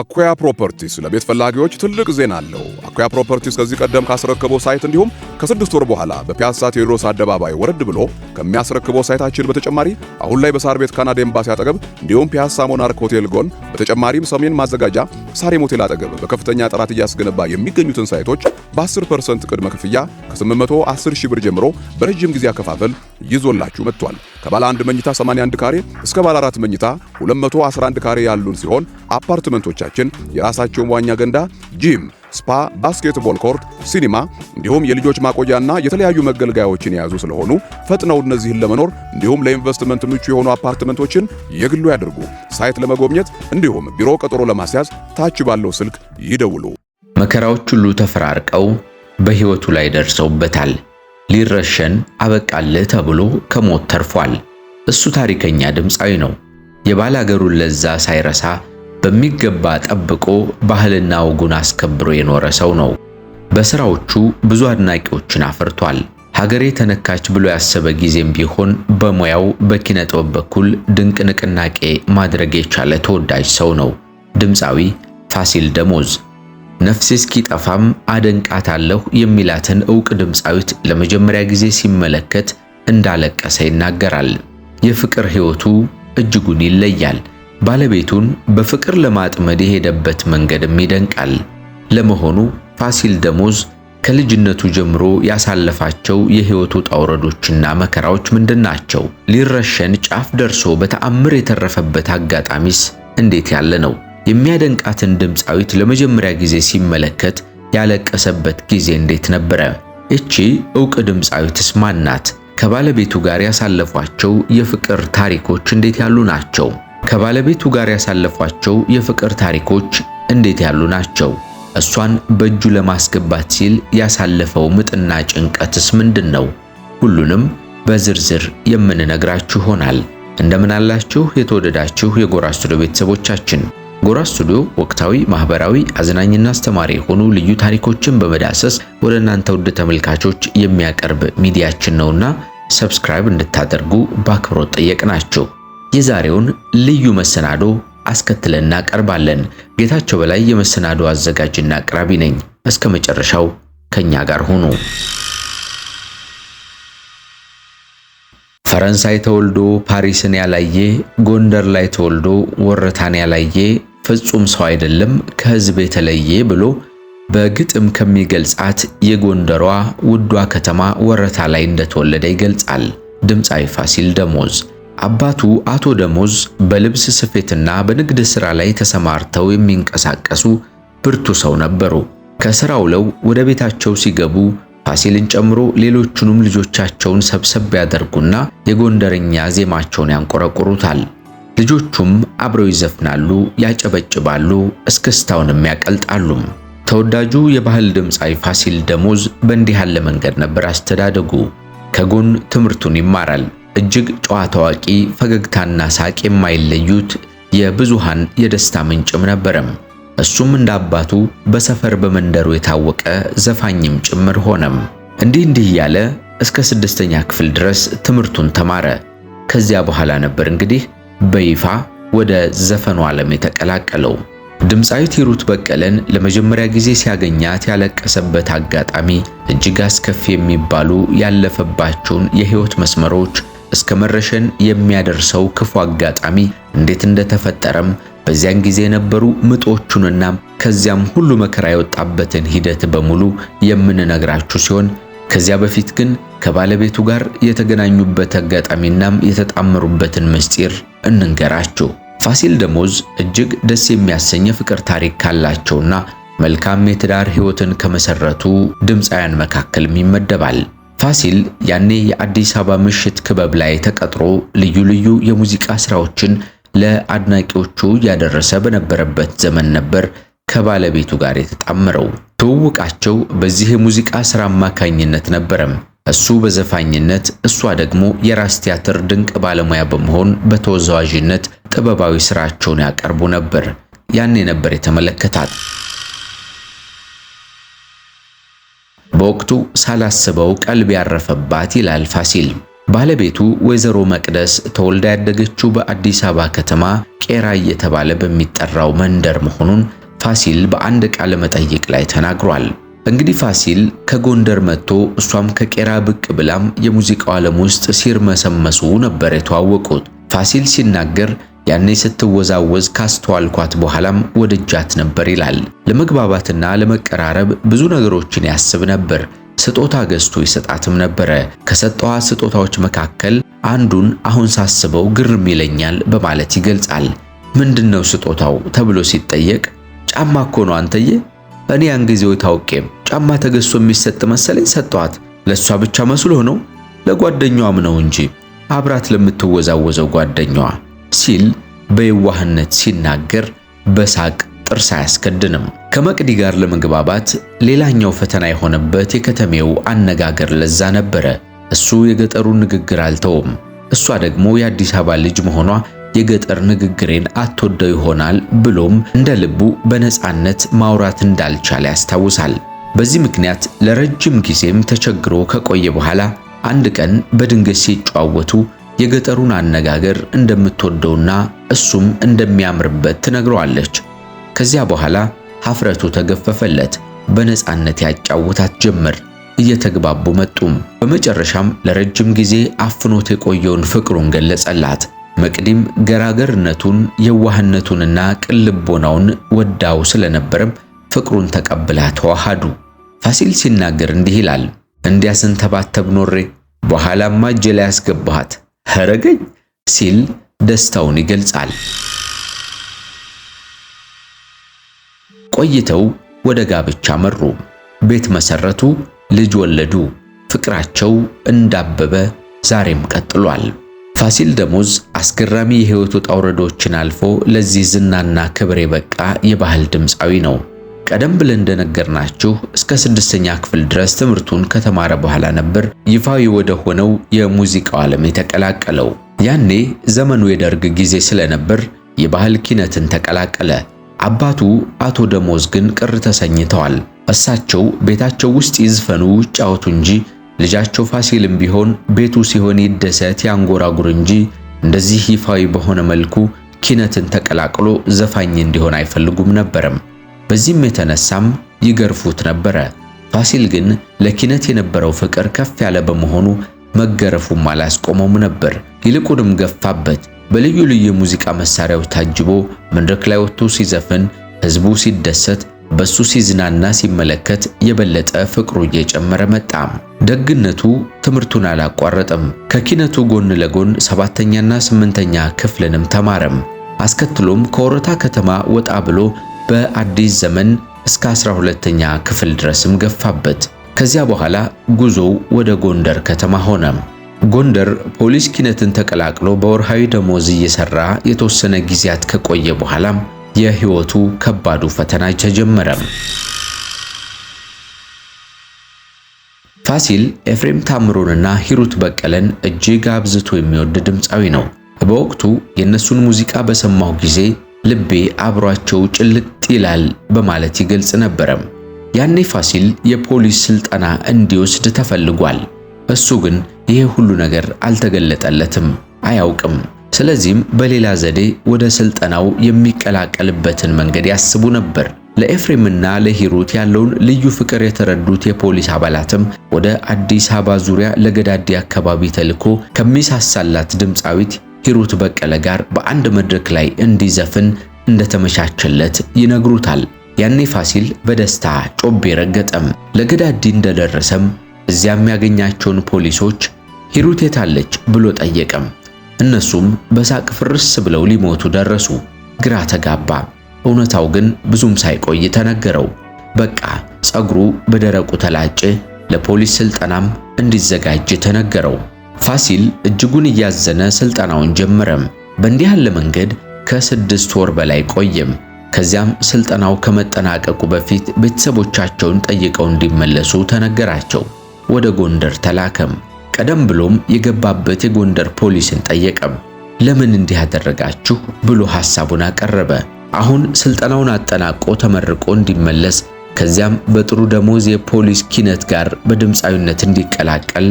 አኩያ ፕሮፐርቲስ ለቤት ፈላጊዎች ትልቅ ዜና አለው። አኩያ ፕሮፐርቲስ ከዚህ ቀደም ካስረከበው ሳይት እንዲሁም ከስድስት ወር በኋላ በፒያሳ ቴዎድሮስ አደባባይ ወረድ ብሎ ከሚያስረክበው ሳይታችን በተጨማሪ አሁን ላይ በሳር ቤት ካናዳ ኤምባሲ አጠገብ እንዲሁም ፒያሳ ሞናርክ ሆቴል ጎን በተጨማሪም ሰሜን ማዘጋጃ ሳሬም ሆቴል አጠገብ በከፍተኛ ጥራት እያስገነባ የሚገኙትን ሳይቶች በ10% ቅድመ ክፍያ ከ810 ሺህ ብር ጀምሮ በረጅም ጊዜ አከፋፈል ይዞላችሁ መጥቷል። ከባለ አንድ መኝታ 81 ካሬ እስከ ባለ አራት መኝታ 211 ካሬ ያሉን ሲሆን አፓርትመንቶቻችን የራሳቸውን ዋኛ ገንዳ፣ ጂም ስፓ፣ ባስኬትቦል ኮርት፣ ሲኒማ እንዲሁም የልጆች ማቆያና የተለያዩ መገልገያዎችን የያዙ ስለሆኑ ፈጥነው እነዚህን ለመኖር እንዲሁም ለኢንቨስትመንት ምቹ የሆኑ አፓርትመንቶችን የግሉ ያድርጉ። ሳይት ለመጎብኘት እንዲሁም ቢሮ ቀጠሮ ለማስያዝ ታች ባለው ስልክ ይደውሉ። መከራዎች ሁሉ ተፈራርቀው በሕይወቱ ላይ ደርሰውበታል። ሊረሸን አበቃልህ ተብሎ ከሞት ተርፏል። እሱ ታሪከኛ ድምፃዊ ነው። የባላገሩን ለዛ ሳይረሳ በሚገባ ጠብቆ ባህልና ወጉን አስከብሮ የኖረ ሰው ነው። በስራዎቹ ብዙ አድናቂዎችን አፍርቷል። ሀገሬ ተነካች ብሎ ያሰበ ጊዜም ቢሆን በሙያው በኪነ በኩል ድንቅ ንቅናቄ ማድረግ የቻለ ተወዳጅ ሰው ነው። ድምፃዊ ፋሲል ደሞዝ ነፍሴ እስኪጠፋም አደንቃታለሁ የሚላትን እውቅ ድምፃዊት ለመጀመሪያ ጊዜ ሲመለከት እንዳለቀሰ ይናገራል። የፍቅር ሕይወቱ እጅጉን ይለያል። ባለቤቱን በፍቅር ለማጥመድ የሄደበት መንገድም ይደንቃል። ለመሆኑ ፋሲል ደሞዝ ከልጅነቱ ጀምሮ ያሳለፋቸው የህይወቱ ጣውረዶችና መከራዎች ምንድናቸው? ሊረሸን ጫፍ ደርሶ በተአምር የተረፈበት አጋጣሚስ እንዴት ያለ ነው? የሚያደንቃትን ድምፃዊት ለመጀመሪያ ጊዜ ሲመለከት ያለቀሰበት ጊዜ እንዴት ነበረ? እቺ ዕውቅ ድምፃዊትስ ማን ናት? ከባለቤቱ ጋር ያሳለፏቸው የፍቅር ታሪኮች እንዴት ያሉ ናቸው? ከባለቤቱ ጋር ያሳለፏቸው የፍቅር ታሪኮች እንዴት ያሉ ናቸው? እሷን በእጁ ለማስገባት ሲል ያሳለፈው ምጥና ጭንቀትስ ምንድን ነው? ሁሉንም በዝርዝር የምንነግራችሁ ሆናል። እንደምን አላችሁ የተወደዳችሁ የጎራ ስቱዲዮ ቤተሰቦቻችን። ጎራ ስቱዲዮ ወቅታዊ፣ ማህበራዊ፣ አዝናኝና አስተማሪ የሆኑ ልዩ ታሪኮችን በመዳሰስ ወደ እናንተ ውድ ተመልካቾች የሚያቀርብ ሚዲያችን ነውና ሰብስክራይብ እንድታደርጉ በአክብሮት ጠየቅናችሁ። የዛሬውን ልዩ መሰናዶ አስከትለን እናቀርባለን። ጌታቸው በላይ የመሰናዶ አዘጋጅና አቅራቢ ነኝ። እስከ መጨረሻው ከኛ ጋር ሆኑ። ፈረንሳይ ተወልዶ ፓሪስን ያላየ፣ ጎንደር ላይ ተወልዶ ወረታን ያላየ ፍጹም ሰው አይደለም ከህዝብ የተለየ ብሎ በግጥም ከሚገልጻት የጎንደሯ ውዷ ከተማ ወረታ ላይ እንደተወለደ ይገልጻል ድምፃዊ ፋሲል ደሞዝ። አባቱ አቶ ደሞዝ በልብስ ስፌትና በንግድ ሥራ ላይ ተሰማርተው የሚንቀሳቀሱ ብርቱ ሰው ነበሩ። ከሥራ ውለው ወደ ቤታቸው ሲገቡ ፋሲልን ጨምሮ ሌሎቹንም ልጆቻቸውን ሰብሰብ ያደርጉና የጎንደርኛ ዜማቸውን ያንቆረቁሩታል። ልጆቹም አብረው ይዘፍናሉ፣ ያጨበጭባሉ፣ እስክስታውንም ያቀልጣሉ። ተወዳጁ የባህል ድምፃዊ ፋሲል ደሞዝ በእንዲህ ያለ መንገድ ነበር አስተዳደጉ። ከጎን ትምህርቱን ይማራል። እጅግ ጨዋ ታዋቂ፣ ፈገግታና ሳቅ የማይለዩት የብዙሃን የደስታ ምንጭም ነበረም። እሱም እንደ አባቱ በሰፈር በመንደሩ የታወቀ ዘፋኝም ጭምር ሆነም። እንዲህ እንዲህ እያለ እስከ ስድስተኛ ክፍል ድረስ ትምህርቱን ተማረ። ከዚያ በኋላ ነበር እንግዲህ በይፋ ወደ ዘፈኑ ዓለም የተቀላቀለው። ድምፃዊት ሂሩት በቀለን ለመጀመሪያ ጊዜ ሲያገኛት ያለቀሰበት አጋጣሚ እጅግ አስከፊ የሚባሉ ያለፈባቸውን የህይወት መስመሮች እስከ መረሸን የሚያደርሰው ክፉ አጋጣሚ እንዴት እንደተፈጠረም በዚያን ጊዜ የነበሩ ምጦቹንና ከዚያም ሁሉ መከራ የወጣበትን ሂደት በሙሉ የምንነግራችሁ ሲሆን ከዚያ በፊት ግን ከባለቤቱ ጋር የተገናኙበት አጋጣሚናም የተጣመሩበትን ምስጢር እንንገራችሁ። ፋሲል ደሞዝ እጅግ ደስ የሚያሰኝ የፍቅር ታሪክ ካላቸውና መልካም የትዳር ሕይወትን ከመሰረቱ ድምፃውያን መካከልም ይመደባል። ፋሲል ያኔ የአዲስ አበባ ምሽት ክበብ ላይ ተቀጥሮ ልዩ ልዩ የሙዚቃ ስራዎችን ለአድናቂዎቹ እያደረሰ በነበረበት ዘመን ነበር ከባለቤቱ ጋር የተጣመረው። ትውውቃቸው በዚህ የሙዚቃ ስራ አማካኝነት ነበረም። እሱ በዘፋኝነት እሷ ደግሞ የራስ ቲያትር ድንቅ ባለሙያ በመሆን በተወዛዋዥነት ጥበባዊ ስራቸውን ያቀርቡ ነበር። ያኔ ነበር የተመለከታት። በወቅቱ ሳላስበው ቀልብ ያረፈባት ይላል ፋሲል። ባለቤቱ ወይዘሮ መቅደስ ተወልዳ ያደገችው በአዲስ አበባ ከተማ ቄራ እየተባለ በሚጠራው መንደር መሆኑን ፋሲል በአንድ ቃለ መጠይቅ ላይ ተናግሯል። እንግዲህ ፋሲል ከጎንደር መጥቶ እሷም ከቄራ ብቅ ብላም የሙዚቃው ዓለም ውስጥ ሲርመሰመሱ ነበር የተዋወቁት። ፋሲል ሲናገር ያኔ ስትወዛወዝ ካስተዋልኳት በኋላም ወድጃት ነበር ይላል። ለመግባባትና ለመቀራረብ ብዙ ነገሮችን ያስብ ነበር። ስጦታ ገዝቶ ይሰጣትም ነበረ። ከሰጠዋ ስጦታዎች መካከል አንዱን አሁን ሳስበው ግርም ይለኛል በማለት ይገልጻል። ምንድነው ስጦታው ተብሎ ሲጠየቅ ጫማ እኮ ነው አንተዬ። እኔ ያን ጊዜው ታውቄም ጫማ ተገዝቶ የሚሰጥ መሰለኝ ሰጠዋት ለሷ ብቻ መስሎ ነው ለጓደኛዋም ነው እንጂ አብራት ለምትወዛወዘው ጓደኛዋ ሲል በየዋህነት ሲናገር በሳቅ ጥርስ አያስከድንም። ከመቅዲ ጋር ለመግባባት ሌላኛው ፈተና የሆነበት የከተሜው አነጋገር ለዛ ነበረ። እሱ የገጠሩን ንግግር አልተውም። እሷ ደግሞ የአዲስ አበባ ልጅ መሆኗ የገጠር ንግግሬን አትወደው ይሆናል ብሎም እንደ ልቡ በነፃነት ማውራት እንዳልቻለ ያስታውሳል። በዚህ ምክንያት ለረጅም ጊዜም ተቸግሮ ከቆየ በኋላ አንድ ቀን በድንገት ሲጨዋወቱ የገጠሩን አነጋገር እንደምትወደውና እሱም እንደሚያምርበት ትነግረዋለች። ከዚያ በኋላ ሀፍረቱ ተገፈፈለት፣ በነጻነት ያጫውታት ጀመር። እየተግባቡ መጡም። በመጨረሻም ለረጅም ጊዜ አፍኖት የቆየውን ፍቅሩን ገለጸላት። መቅዲም ገራገርነቱን፣ የዋህነቱንና ቅልቦናውን ወዳው ስለነበረም ፍቅሩን ተቀብላ ተዋሃዱ። ፋሲል ሲናገር እንዲህ ይላል፦ እንዲያስንተባተብ ኖሬ በኋላማ እጄ ላይ ያስገባሃት ኸረገኝ ሲል ደስታውን ይገልጻል። ቆይተው ወደ ጋብቻ መሩ። ቤት መሰረቱ፣ ልጅ ወለዱ። ፍቅራቸው እንዳበበ ዛሬም ቀጥሏል። ፋሲል ደሞዝ አስገራሚ የህይወት ውጣ አልፎ ለዚህ ዝናና ክብር የበቃ የባህል ድምፃዊ ነው። ቀደም ብለን እንደነገርናችሁ እስከ ስድስተኛ ክፍል ድረስ ትምህርቱን ከተማረ በኋላ ነበር ይፋዊ ወደ ሆነው የሙዚቃው ዓለም የተቀላቀለው። ያኔ ዘመኑ የደርግ ጊዜ ስለነበር የባህል ኪነትን ተቀላቀለ። አባቱ አቶ ደሞዝ ግን ቅር ተሰኝተዋል። እሳቸው ቤታቸው ውስጥ ይዝፈኑ ይጫወቱ እንጂ ልጃቸው ፋሲልም ቢሆን ቤቱ ሲሆን ይደሰት ያንጎራጉር እንጂ እንደዚህ ይፋዊ በሆነ መልኩ ኪነትን ተቀላቅሎ ዘፋኝ እንዲሆን አይፈልጉም ነበረም። በዚህም የተነሳም ይገርፉት ነበረ። ፋሲል ግን ለኪነት የነበረው ፍቅር ከፍ ያለ በመሆኑ መገረፉም አላስቆመውም ነበር። ይልቁንም ገፋበት። በልዩ ልዩ የሙዚቃ መሳሪያዎች ታጅቦ መድረክ ላይ ወጥቶ ሲዘፍን፣ ህዝቡ ሲደሰት፣ በሱ ሲዝናና ሲመለከት የበለጠ ፍቅሩ እየጨመረ መጣ። ደግነቱ ትምህርቱን አላቋረጠም። ከኪነቱ ጎን ለጎን ሰባተኛና ስምንተኛ ክፍልንም ተማረም። አስከትሎም ከወረታ ከተማ ወጣ ብሎ በአዲስ ዘመን እስከ 12ኛ ክፍል ድረስም ገፋበት። ከዚያ በኋላ ጉዞው ወደ ጎንደር ከተማ ሆነ። ጎንደር ፖሊስ ኪነትን ተቀላቅሎ በወርሃዊ ደሞዝ እየሰራ የተወሰነ ጊዜያት ከቆየ በኋላም የህይወቱ ከባዱ ፈተና ተጀመረ። ፋሲል ኤፍሬም ታምሩንና ሂሩት በቀለን እጅግ አብዝቶ የሚወድ ድምፃዊ ነው። በወቅቱ የእነሱን ሙዚቃ በሰማሁ ጊዜ ልቤ አብሯቸው ጭልጥ ይላል በማለት ይገልጽ ነበረም። ያኔ ፋሲል የፖሊስ ስልጠና እንዲወስድ ተፈልጓል። እሱ ግን ይሄ ሁሉ ነገር አልተገለጠለትም፣ አያውቅም። ስለዚህም በሌላ ዘዴ ወደ ስልጠናው የሚቀላቀልበትን መንገድ ያስቡ ነበር። ለኤፍሬምና ለሂሩት ያለውን ልዩ ፍቅር የተረዱት የፖሊስ አባላትም ወደ አዲስ አበባ ዙሪያ ለገዳዲ አካባቢ ተልኮ ከሚሳሳላት ድምፃዊት ሂሩት በቀለ ጋር በአንድ መድረክ ላይ እንዲዘፍን እንደተመቻቸለት ይነግሩታል። ያኔ ፋሲል በደስታ ጮቤ ረገጠም። ለገዳዲ እንደደረሰም እዚያም ያገኛቸውን ፖሊሶች ሂሩት የታለች ብሎ ጠየቀም። እነሱም በሳቅ ፍርስ ብለው ሊሞቱ ደረሱ። ግራ ተጋባ። እውነታው ግን ብዙም ሳይቆይ ተነገረው። በቃ ፀጉሩ በደረቁ ተላጨ። ለፖሊስ ስልጠናም እንዲዘጋጅ ተነገረው። ፋሲል እጅጉን እያዘነ ስልጠናውን ጀመረም። በእንዲህ ያለ መንገድ ከስድስት ወር በላይ ቆየም። ከዚያም ስልጠናው ከመጠናቀቁ በፊት ቤተሰቦቻቸውን ጠይቀው እንዲመለሱ ተነገራቸው። ወደ ጎንደር ተላከም። ቀደም ብሎም የገባበት የጎንደር ፖሊስን ጠየቀም። ለምን እንዲህ ያደረጋችሁ ብሎ ሐሳቡን አቀረበ። አሁን ስልጠናውን አጠናቆ ተመርቆ እንዲመለስ ከዚያም በጥሩ ደሞዝ የፖሊስ ኪነት ጋር በድምፃዊነት እንዲቀላቀል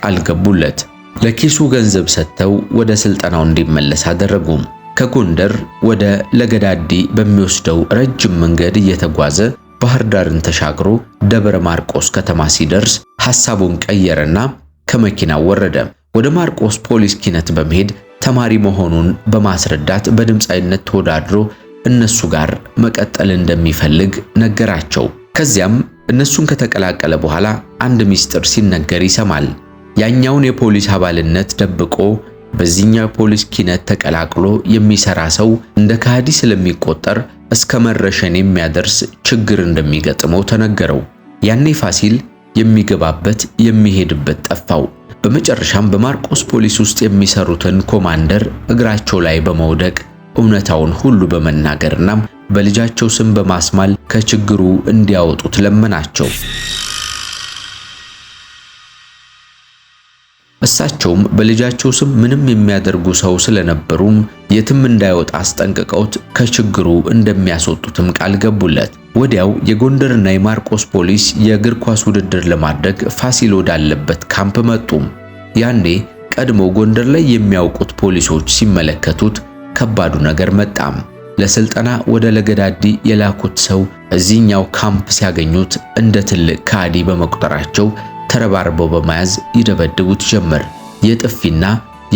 ቃል ገቡለት። ለኪሱ ገንዘብ ሰጥተው ወደ ስልጠናው እንዲመለስ አደረጉ። ከጎንደር ወደ ለገዳዲ በሚወስደው ረጅም መንገድ እየተጓዘ ባህር ዳርን ተሻግሮ ደብረ ማርቆስ ከተማ ሲደርስ ሐሳቡን ቀየረና ከመኪናው ወረደ። ወደ ማርቆስ ፖሊስ ኪነት በመሄድ ተማሪ መሆኑን በማስረዳት በድምፃዊነት ተወዳድሮ እነሱ ጋር መቀጠል እንደሚፈልግ ነገራቸው። ከዚያም እነሱን ከተቀላቀለ በኋላ አንድ ምስጢር ሲነገር ይሰማል። ያኛውን የፖሊስ አባልነት ደብቆ በዚህኛው የፖሊስ ኪነት ተቀላቅሎ የሚሰራ ሰው እንደ ከሃዲ ስለሚቆጠር እስከ መረሸን የሚያደርስ ችግር እንደሚገጥመው ተነገረው። ያኔ ፋሲል የሚገባበት የሚሄድበት ጠፋው። በመጨረሻም በማርቆስ ፖሊስ ውስጥ የሚሰሩትን ኮማንደር እግራቸው ላይ በመውደቅ እውነታውን ሁሉ በመናገርናም በልጃቸው ስም በማስማል ከችግሩ እንዲያወጡት ለመናቸው። እሳቸውም በልጃቸው ስም ምንም የሚያደርጉ ሰው ስለነበሩም የትም እንዳይወጣ አስጠንቅቀውት ከችግሩ እንደሚያስወጡትም ቃል ገቡለት። ወዲያው የጎንደርና የማርቆስ ፖሊስ የእግር ኳስ ውድድር ለማድረግ ፋሲል ወዳለበት ካምፕ መጡም። ያኔ ቀድሞ ጎንደር ላይ የሚያውቁት ፖሊሶች ሲመለከቱት ከባዱ ነገር መጣም። ለስልጠና ወደ ለገዳዲ የላኩት ሰው እዚህኛው ካምፕ ሲያገኙት እንደ ትልቅ ካዲ በመቁጠራቸው ተረባርበው በመያዝ ይደበድቡት ጀመር። የጥፊና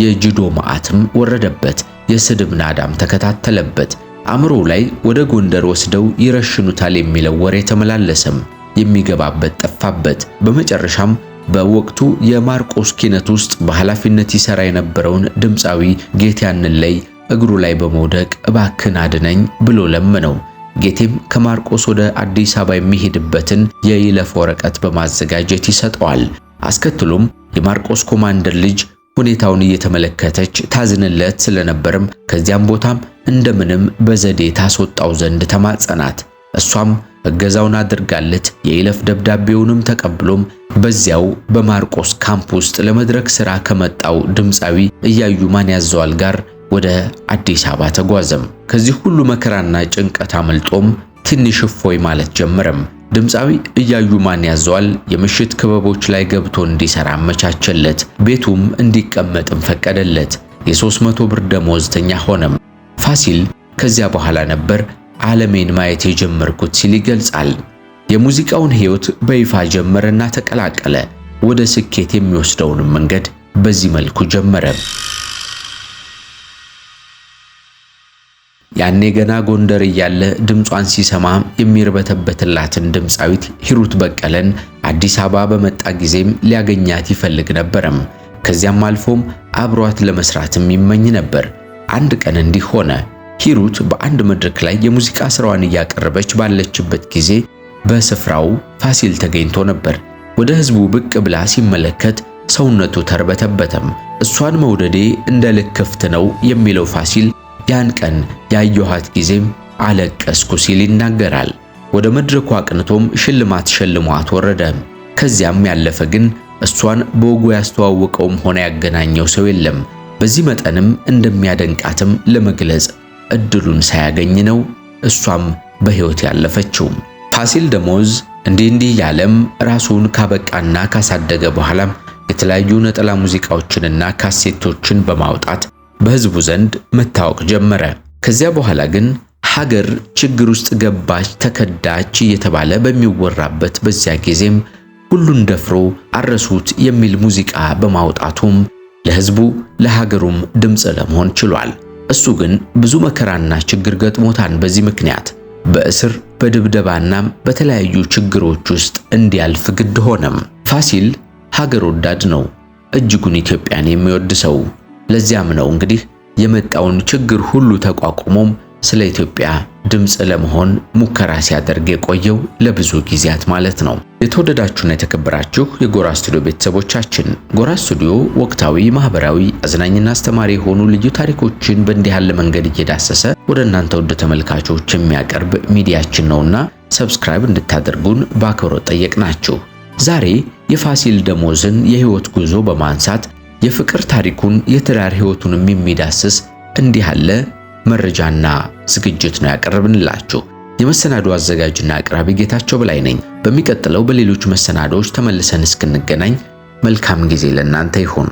የጅዶ መዓትም ወረደበት። የስድብ ናዳም ተከታተለበት። አምሮ ላይ ወደ ጎንደር ወስደው ይረሽኑታል የሚለው ወሬ ተመላለሰም። የሚገባበት ጠፋበት። በመጨረሻም በወቅቱ የማርቆስ ኪነት ውስጥ በኃላፊነት ይሰራ የነበረውን ድምፃዊ ጌትያንን ላይ እግሩ ላይ በመውደቅ እባክን አድነኝ ብሎ ለመነው። ጌቴም ከማርቆስ ወደ አዲስ አበባ የሚሄድበትን የይለፍ ወረቀት በማዘጋጀት ይሰጠዋል። አስከትሎም የማርቆስ ኮማንደር ልጅ ሁኔታውን እየተመለከተች ታዝንለት ስለነበርም ከዚያም ቦታም እንደምንም በዘዴ ታስወጣው ዘንድ ተማጸናት። እሷም እገዛውን አድርጋለት የይለፍ ደብዳቤውንም ተቀብሎም በዚያው በማርቆስ ካምፕ ውስጥ ለመድረክ ሥራ ከመጣው ድምፃዊ እያዩ ማን ያዘዋል ጋር ወደ አዲስ አበባ ተጓዘም። ከዚህ ሁሉ መከራና ጭንቀት አመልጦም ትንሽ እፎይ ማለት ጀመረም። ድምፃዊ እያዩ ማን ያዘዋል የምሽት ክበቦች ላይ ገብቶ እንዲሰራ አመቻቸለት። ቤቱም እንዲቀመጥም ፈቀደለት። የ300 ብር ደመወዝተኛ ሆነም። ፋሲል ከዚያ በኋላ ነበር ዓለሜን ማየት የጀመርኩት ሲል ይገልጻል። የሙዚቃውን ሕይወት በይፋ ጀመረና ተቀላቀለ። ወደ ስኬት የሚወስደውንም መንገድ በዚህ መልኩ ጀመረ። ያኔ ገና ጎንደር እያለ ድምጿን ሲሰማ የሚርበተበትላትን ድምፃዊት ሂሩት በቀለን አዲስ አበባ በመጣ ጊዜም ሊያገኛት ይፈልግ ነበረም። ከዚያም አልፎም አብሯት ለመስራትም ይመኝ ነበር። አንድ ቀን እንዲህ ሆነ። ሂሩት በአንድ መድረክ ላይ የሙዚቃ ስራዋን እያቀረበች ባለችበት ጊዜ በስፍራው ፋሲል ተገኝቶ ነበር። ወደ ህዝቡ ብቅ ብላ ሲመለከት ሰውነቱ ተርበተበተም። እሷን መውደዴ እንደ ክፍት ነው የሚለው ፋሲል ያን ቀን ያየኋት ጊዜም አለቀስኩ ሲል ይናገራል። ወደ መድረኩ አቅንቶም ሽልማት ሸልሟት ወረደ። ከዚያም ያለፈ ግን እሷን በወጉ ያስተዋወቀውም ሆነ ያገናኘው ሰው የለም። በዚህ መጠንም እንደሚያደንቃትም ለመግለጽ እድሉን ሳያገኝ ነው እሷም በሕይወት ያለፈችው። ፋሲል ደሞዝ እንዲህ እንዲህ ያለም ራሱን ካበቃና ካሳደገ በኋላ የተለያዩ ነጠላ ሙዚቃዎችንና ካሴቶችን በማውጣት በህዝቡ ዘንድ መታወቅ ጀመረ። ከዚያ በኋላ ግን ሀገር ችግር ውስጥ ገባች፣ ተከዳች እየተባለ በሚወራበት በዚያ ጊዜም ሁሉን ደፍሮ አረሱት የሚል ሙዚቃ በማውጣቱም ለህዝቡ ለሀገሩም ድምፅ ለመሆን ችሏል። እሱ ግን ብዙ መከራና ችግር ገጥሞታን በዚህ ምክንያት በእስር በድብደባናም በተለያዩ ችግሮች ውስጥ እንዲያልፍ ግድ ሆነም። ፋሲል ሀገር ወዳድ ነው፣ እጅጉን ኢትዮጵያን የሚወድ ሰው ለዚያም ነው እንግዲህ የመጣውን ችግር ሁሉ ተቋቁሞም ስለ ኢትዮጵያ ድምፅ ለመሆን ሙከራ ሲያደርግ የቆየው ለብዙ ጊዜያት ማለት ነው። የተወደዳችሁና የተከበራችሁ የጎራ ስቱዲዮ ቤተሰቦቻችን፣ ጎራ ስቱዲዮ ወቅታዊ፣ ማህበራዊ፣ አዝናኝና አስተማሪ የሆኑ ልዩ ታሪኮችን በእንዲህ ያለ መንገድ እየዳሰሰ ወደ እናንተ ወደ ተመልካቾች የሚያቀርብ ሚዲያችን ነውና ሰብስክራይብ እንድታደርጉን በአክብሮት ጠየቅናችሁ። ዛሬ የፋሲል ደሞዝን የህይወት ጉዞ በማንሳት የፍቅር ታሪኩን የትዳር ህይወቱንም የሚዳስስ እንዲህ ያለ መረጃና ዝግጅት ነው ያቀረብንላችሁ። የመሰናዶ አዘጋጅና አቅራቢ ጌታቸው በላይ ነኝ። በሚቀጥለው በሌሎች መሰናዶዎች ተመልሰን እስክንገናኝ መልካም ጊዜ ለእናንተ ይሁን።